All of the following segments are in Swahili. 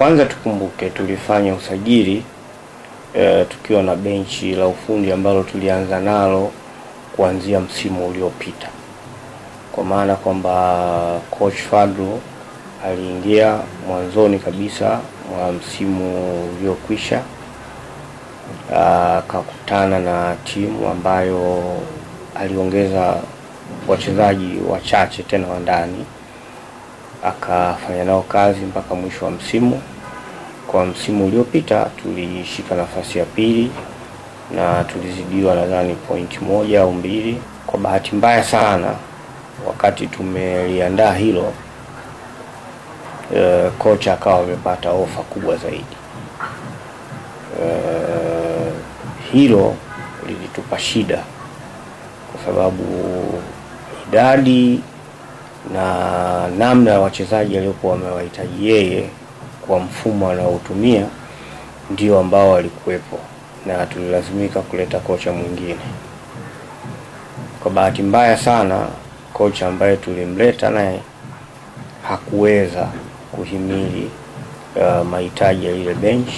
Kwanza tukumbuke tulifanya usajili e, tukiwa na benchi la ufundi ambalo tulianza nalo kuanzia msimu uliopita, kwa maana kwamba coach Fadlu aliingia mwanzoni kabisa mwa msimu uliokwisha akakutana na timu ambayo aliongeza wachezaji wachache tena wa ndani akafanya nao kazi mpaka mwisho wa msimu. Kwa msimu uliopita tulishika nafasi ya pili na tulizidiwa nadhani pointi moja au mbili. Kwa bahati mbaya sana, wakati tumeliandaa hilo e, kocha akawa amepata ofa kubwa zaidi. E, hilo lilitupa shida kwa sababu idadi na namna ya wachezaji aliyokuwa amewahitaji yeye kwa mfumo anaotumia ndio ambao walikuwepo na tulilazimika kuleta kocha mwingine. Kwa bahati mbaya sana, kocha ambaye tulimleta naye hakuweza kuhimili uh, mahitaji ya ile bench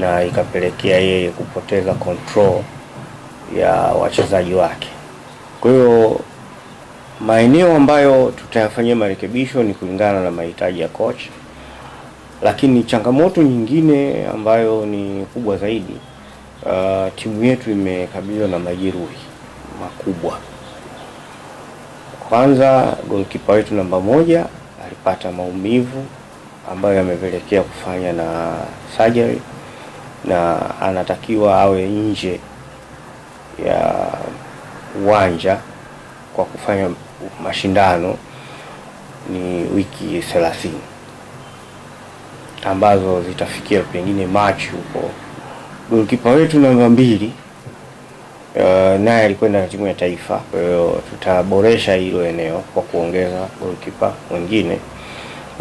na ikapelekea yeye kupoteza control ya wachezaji wake. Kwa hiyo maeneo ambayo tutayafanyia marekebisho ni kulingana na mahitaji ya kocha lakini changamoto nyingine ambayo ni kubwa zaidi, uh, timu yetu imekabiliwa na majeruhi makubwa. Kwanza golkipa wetu namba moja alipata maumivu ambayo yamepelekea kufanya na surgery na anatakiwa awe nje ya uwanja kwa kufanya mashindano ni wiki thelathini ambazo zitafikia pengine Machi huko. Golkipa wetu namba mbili uh, naye alikwenda na timu ya taifa, kwa hiyo tutaboresha hilo eneo kwa kuongeza golkipa mwingine,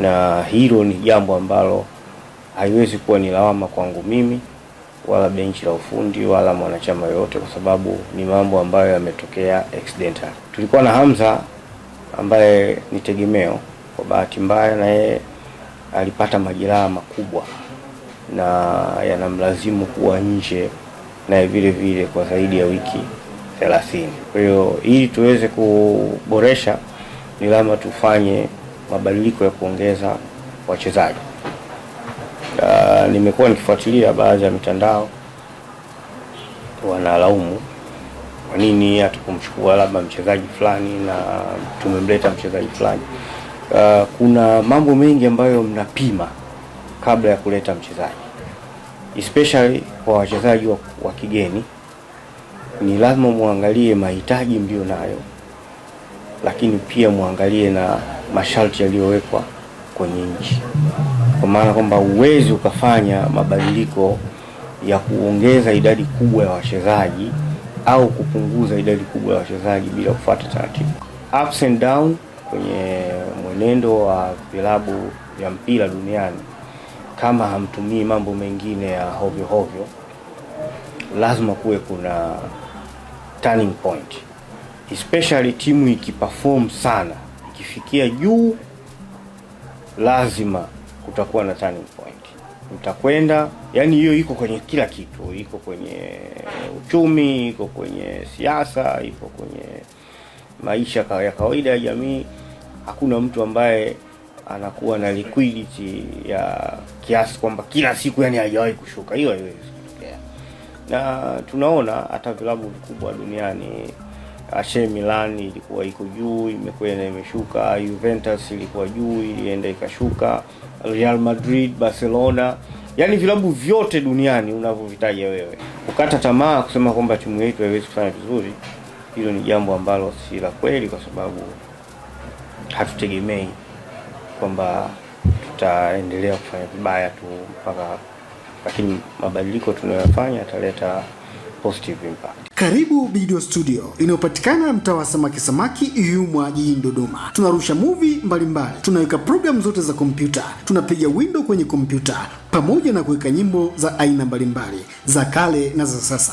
na hilo ni jambo ambalo haiwezi kuwa ni lawama kwangu mimi wala benchi la ufundi wala mwanachama yoyote, kwa sababu ni mambo ambayo yametokea accidental. Tulikuwa na Hamza ambaye ni tegemeo, kwa bahati mbaya yeye alipata majeraha makubwa na yanamlazimu kuwa nje naye vile vile kwa zaidi ya wiki 30. Kwa hiyo ili tuweze kuboresha, ni lazima tufanye mabadiliko ya kuongeza wachezaji. nimekuwa nikifuatilia baadhi ya mitandao wanalaumu kwa nini hatukumchukua labda mchezaji fulani na tumemleta mchezaji fulani uh, kuna mambo mengi ambayo mnapima kabla ya kuleta mchezaji, especially kwa wachezaji wa, wa kigeni. Ni lazima muangalie mahitaji mlio nayo, lakini pia muangalie na masharti yaliyowekwa kwenye nchi, kwa maana kwamba uwezi ukafanya mabadiliko ya kuongeza idadi kubwa ya wachezaji au kupunguza idadi kubwa ya wachezaji bila kufuata taratibu. Ups and down kwenye mwenendo wa vilabu vya mpira duniani, kama hamtumii mambo mengine ya hovyo hovyo, lazima kuwe kuna turning point, especially timu ikiperform sana, ikifikia juu, lazima kutakuwa na turning point mtakwenda yani, hiyo iko kwenye kila kitu, iko kwenye uchumi, iko kwenye siasa, iko kwenye maisha ya kawaida ya jamii, hakuna mtu ambaye anakuwa na liquidity ya kiasi kwamba kila siku yani hajawahi kushuka. Hiyo haiwezi kutokea, na tunaona hata vilabu vikubwa duniani AC Milan ilikuwa iko juu, imekwenda imeshuka. Juventus ilikuwa juu, ilienda ikashuka. Real Madrid, Barcelona, yaani vilabu vyote duniani unavyovitaja wewe, ukata tamaa kusema kwamba timu yetu haiwezi kufanya vizuri hilo ni jambo ambalo si la kweli, kwa sababu hatutegemei kwamba tutaendelea kufanya vibaya tu mpaka, lakini mabadiliko tunayoyafanya yataleta positive impact. Karibu Video Studio inayopatikana mtaa wa samaki samaki yumwa jijini Dodoma. Tunarusha movie mbalimbali, tunaweka programu zote za kompyuta, tunapiga window kwenye kompyuta pamoja na kuweka nyimbo za aina mbalimbali za kale na za sasa.